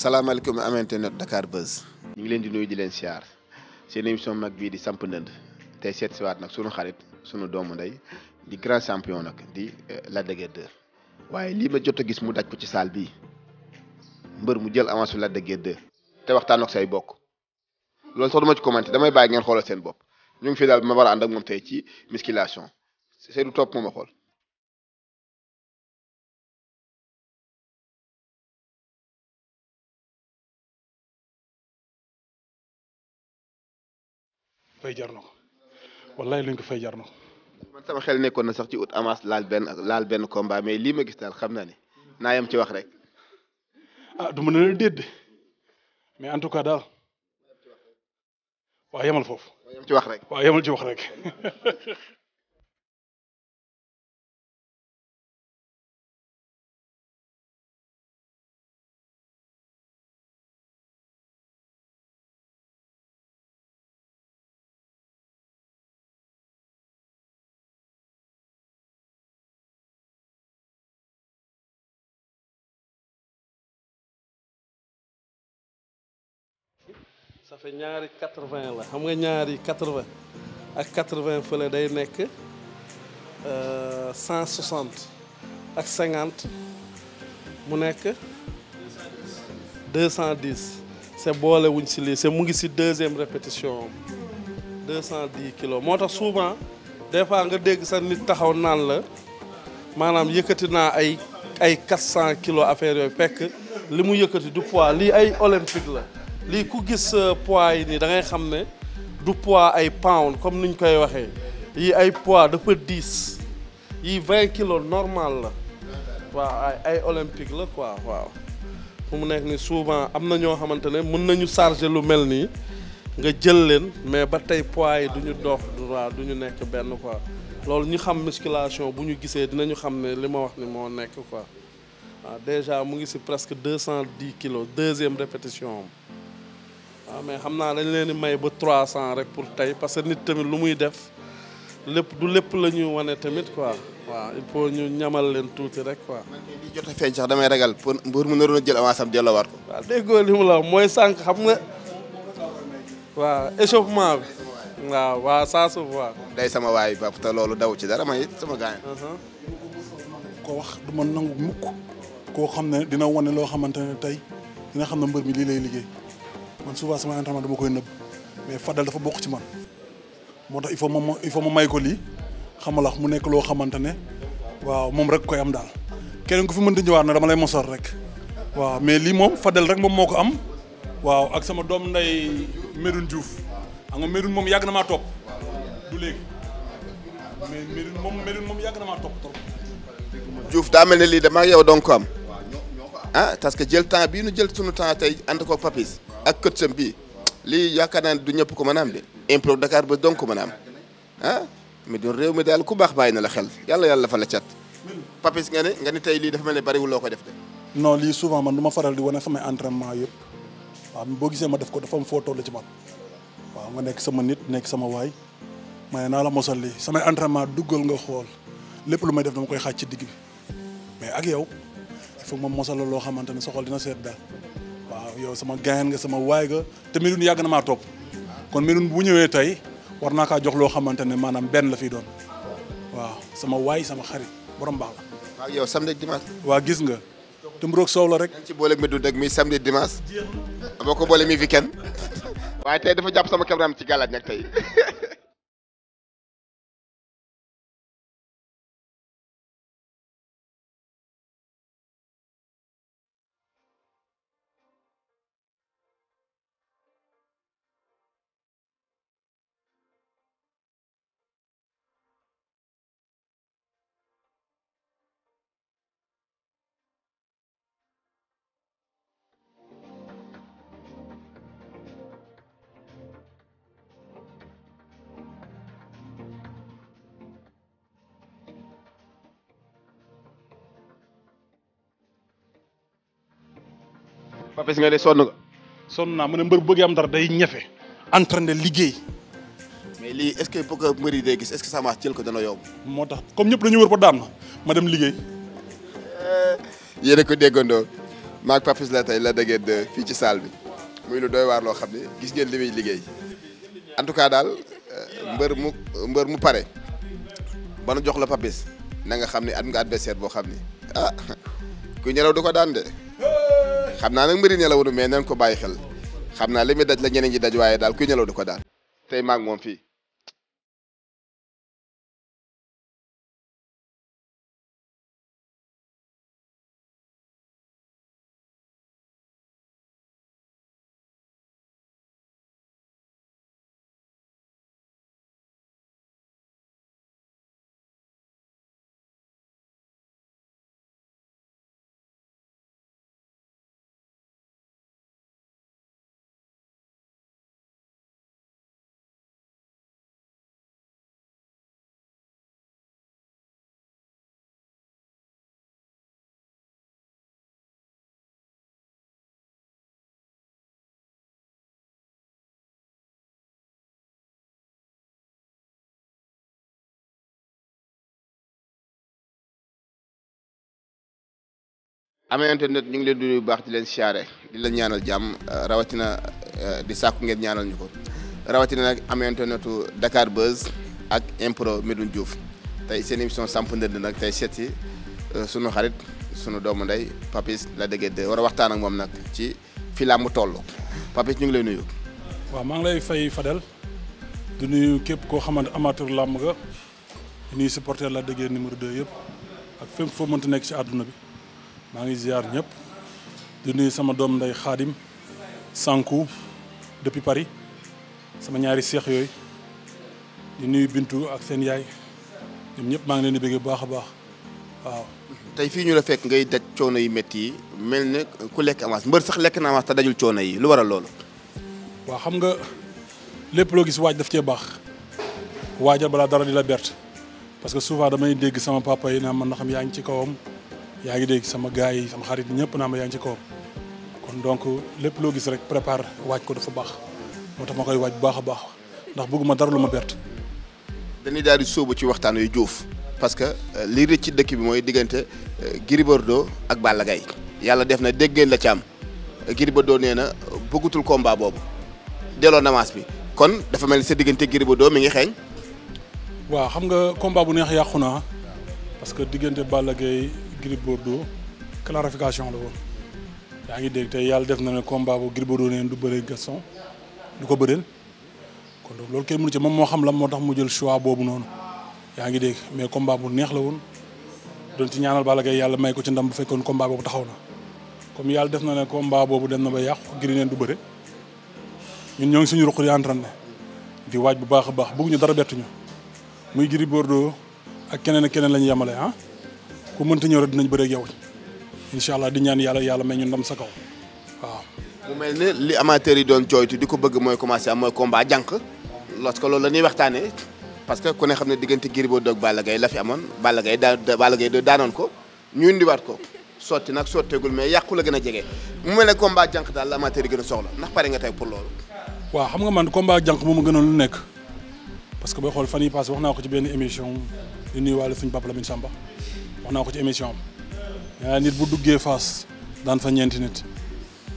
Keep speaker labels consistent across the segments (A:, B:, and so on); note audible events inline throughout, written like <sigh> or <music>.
A: salaamaaleykum internet Dakar Buzz. ñu ngi leen di nuyu di leen siyaar seen émission mag bii di samp ndënd tey seet si waat nag sunu xarit sunu doomu ndey di grand champion nag di euh, Lac de waaye lii ma jot a gis mu daj ko ci saal bi mbër mu jël avance su Lac de te waxtaan ak say bokk loolu sax du ma ci commenté damay bàyyi ngeen xoolal seen bokk ñu ngi fi daal ma war a ànd ak moom tey ci musculation Seydou topp moom ma xool. fay jar na ko wallaay ko fay jar na ko. man sama xel nekkoon na sax ci ut amas laal benn laal benn combat mais lii ma gis daal xam naa ne naa yem ci wax rek. ah du ma ne la déedéet mais en tout cas daal waaw yemal foofu. waaw yem ci wax rek waaw yemal ci wax rek. <laughs> ça fait ñaari
B: quatre vingt la xam nga ñaari quatre vingt ak quatre vingt fële day nekk euh, cent soixante ak cinquante mu nekk deux cent dix c'est boole wuñ si lii c'est mu ngi si deuxième répétition deux cent dix kilos moo tax souvent des fois nga dégg sa nit taxaw naan la maanaam yëkkati naa ay ay quatre cent kilos affaire yooyu fekk li mu yëkkati du pois li ay olympique la lii ku gis euh, poids yi nii da ngay xam ne du poids ay pound comme ni ñu koy waxee yii ay poids dafa diis yii vingt kilos normal la waaw ay ay olympique la quoi waaw fu mu nekk ni souvent am na ñoo xamante ne mën nañu charger lu mel nii nga jël leen mais ba tey poids yi du ñu dox waaw du ñu nekk benn quoi loolu ñu xam musculation bu ñu gisee dinañu xam ne li ma wax ni moo nekk quoi waaw déjà mu ngi si presque deux cent dix kilo deuxième répétition am waaw ah, mais xam naa dañ leen di may ba trois cent rek pour tey parce que nit tamit lu muy def lépp du lépp la ñuy wane tamit quoi waaw il ñu ñamal leen tuuti rek quoi. man
A: kay damay ragal pour pour mu naroon a jël avance am ko.
B: li mu la wax mooy sànq xam nga waaw échauffement bi.
A: waaw waaw saa sama waay ba loolu daw ci dara may sama gaañ. Uh-huh.
C: ko wax nangu mukk koo xam ne dina wane loo xamante ne tey dina xam ne mbër mi lii lay liggéey. man souvent sama entraînement dama koy nëbb mais Fadel dafa bokk ci man moo tax il faut ma il faut may ko lii xamalax mu nekk loo xamante ne waaw moom rek koy am daal keneen ku fi mën di ñëwaat na dama lay mosor rek waaw mais lii moom Fadel rek moom moo ko am waaw ak sama doom nday Medoune juuf xam nga Medoune moom yàgg na maa topp du mais Medoune moom moom yàgg
A: na maa topp trop. daa mel ne lii dama ak yow donc am ah que jël temps bii nu jël sunu temps tey ànd papis ak coacham bi lii yaakaar naa ne du ñëpp ko mën a am de impro Dakar ba donc ko mën a am ah mais doon réew mi daal ku baax bàyyi na la xel yàlla yàlla fa la cat papis nga ne nga ne tey lii dafa mel ne bariwuloo ko def de non
C: lii souvent man du ma faral di wane samay entraînement yëpp waaw boo gisee ma def ko dafa am footoo la ci man waaw nga nekk sama nit nekk sama waay ma ne naa la mosal lii samay entraînement duggal nga xool lépp lu may def dama koy xaaj ci digg mais ak yow il moom mosal loo xamante ne soxal dina seet daal waaw yow sama gaañan nga sama waay nga te Médoune yàgg na maa topp kon Médoune bu ñëwee tey war naa kaa jox loo xamante ne maanaam benn la fiy doon waaw
A: sama waay sama xarit borom baax la. waaw yow samedi dimanche. waa gis nga. tumburoog soow la rek. dañ ci boole Médoune rek muy samedi dimanche. boo ko boole mi weekend. waaye tey dafa jàpp sama caméra ci gàllaaj nag tey. <laughs> Papis nga ne sonn nga. sonn naa mu ne mbër bëgg am dara day ñefe. ne liggéey. mais lii est-ce que pour que mbër yi day gis est-ce que sama jël ko dana yomb. moo tax comme ñëpp dañuy wër ba daan ma dem liggéey. Euh, yéen a ko déggandoo maag Papis la tey la déggee de fii ci salle bi muy lu doy waar loo xam ne gis ngeen li muy liggéey en tout cas daal euh, mbër mu mbër mu pare ba nu jox la Papis na nga xam ne at nga adversaire boo xam ni ah ku ñëlaw du ko daan de. xam naa nag mbëri ñelawuñu mais nañ ko bàyyi xel xam naa li muy daj la ñeneen ñi daj waaye daal kuy ñelaw di ko daal tey maag moom fii amee internet ñu ngi leen di nuyu bu baax di leen siyaare di leen ñaanal jàmm euh, rawatina euh, di sàkku ngeen ñaanal ñu ko rawatina nag amee internetu Dakar Buzz ak Impro Medoune Diouf tey seen émission samp ndënd nag tey seet si euh, sunu xarit sunu doomu ndey Papis la déggee de war a waxtaan ak moom nag ci fi làmb toll Papis ñu ngi lay nuyu.
C: waaw maa ngi lay fa Fadel du nuyu képp koo xaman amateur làmb nga di nuyu la déggee numéro 2 yëpp ak fépp foo mënta nekk ci àdduna bi. maa ngi ziar ñëpp du nuyu sama doom nday xaadim Sanku depuis Paris sama ñaari seex yooyu di nuyu Bintu ak seen yaay ñoom ñëpp maa ngi leen di bëggee bu baax a baax
A: waaw. tey fii ñu la fekk ngay daj coono yi métti yi mel ne ku lekk avance mbër sax lekk na avance te dajul coono yi lu waral loolu.
C: waa xam nga lépp loo gis waaj daf cee baax waajal balaa dara di la berte parce que souvent damay dégg sama papa yi naan man na xam yaa ngi ci kawam. yaa ngi dégg sama gars yi sama xarit ñëpp naa ma yaa ngi ci kon donc lépp loo gis rek prépare waaj ko dafa baax moo tax ma koy waaj bu baax a baax ndax bëgguma dara lu ma bert
A: dañuy daal di sóobu ci waxtaan yu juuf parce que euh, li rëcc ci dëkk bi mooy diggante euh, Gris ak Balla Gaye yàlla def na dégg ngeen la ci am Gris Bordeaux nee na bëggutul combat boobu delloo namas bi kon dafa mel ni sa diggante Gris Bordeaux mi ngi xeeñ.
C: waaw xam nga combat bu neex yàqu naa parce que diggante Balla Gris Bordeaux clarification la woon yaa ngi dégg tey yàlla def na ne combat bu Gris Bordeaux neen du bëree Gaston du ko bëreel kon donc loolu kenn mënu ci moom moo xam la moo tax mu jël choix boobu noonu yaa ngi dégg mais combat bu neex la woon doon ci ñaanal Balla Gaye yàlla may ko ci ndam bu fekkoon combat boobu taxaw na comme yàlla def na ne combat boobu dem na ba yàqu Gris neen du bëre ñun ñoo ngi suñu ruq di entraîné di waaj bu baax a baax bëgguñu dara bettuñu muy Gris Bordeaux ak keneen keneen lañu yemale ah ku mënta ñëw rek dinañ bëre ak yow incha allah di ñaan yàlla yàlla may ñu ndam sa kaw
A: waaw. mu mel yi doon di ko bëgg mooy commencé am mooy combat jànq loolu loolu la ñuy waxtaanee parce que ku xam ne diggante Gris Bordeaux ak Balla Gaye la fi amoon Balla Gaye daan Balla Gaye daanoon ko ñu indiwaat ko sotti nag sotteegul mais yàqu la gën a jege mu mel ne combat daal la amateur yi gën a ndax pare nga tey pour loolu.
C: waaw xam nga man combat jànq moom gënoon lu nekk parce que booy xool fan yii passé wax naa ko ci benn émission di nuyuwaale suñu Pape Lamine Samba wax naa ko ci émission am nit bu duggee Fass daan fa ñeenti nit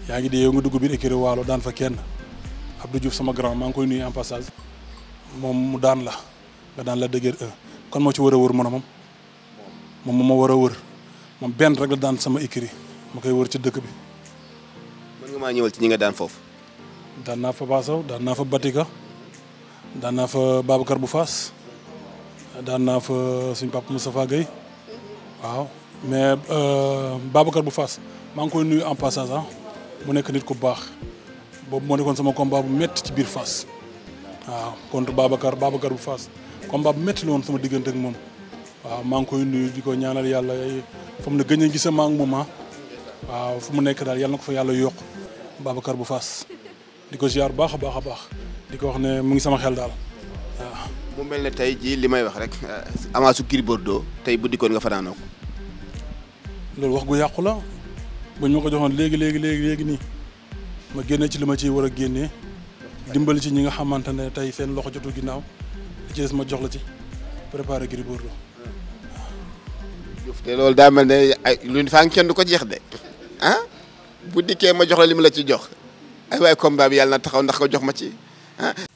C: yaa ngi dee yow nga dugg biir écurie Waalo daan fa kenn Abdou Diouf sama grand maa ngi koy nuyu en passage moom mu daan la nga daan la dëgër kon moo ci war a wër mën a moom moom moo ma war a wër moom benn rek daan sama écurie moo koy wër ci dëkk bi.
A: mën nga maa ñëwal ci ñi nga daan foofu.
C: daan naa fa Papa daan naa fa Batika daan naa fa Babacar bu Faas daan naa fa suñ papa Moustapha Gueye waaw mais euh, Babacar bu Fass maa ngi koy nuyu en passage ah mu nekk nit ku baax boobu moo nekkoon sama combat bu métti ci biir Fass waaw contre Babacar Babacar bu Fass combat bu métti la woon sama diggante ak moom waaw maa ngi koy nuyu di ko ñaanal yàlla fa mu ne gëj a gis maa ngi moom ah. waaw fu mu nekk daal yàlla na ko fa yàlla yokk Babacar bu Fass di ko ziar baax a baax a baax di ko wax ne mu ngi sama xel daal.
A: mu mel ne tey jii li may wax rek euh, amaa su Gris doo tey bu dikkoon nga fanaanoo ko
C: loolu wax gu yàqu la ba ñu ko joxoon léegi léegi léegi léegi nii ma génne ci li ma ciy war a génnee dimbali ci ñi nga xamante ne tey seen loxo jotul ginnaaw ci des ma jox la ci préparer Gris Bordeaux
A: te loolu daa mel ne ay lu faa ngi kenn du ko jeex de ah bu dikkee ma jox la li mu la ci jox ay waaye combat bi yàlla na taxaw ndax ko jox ma ci ah?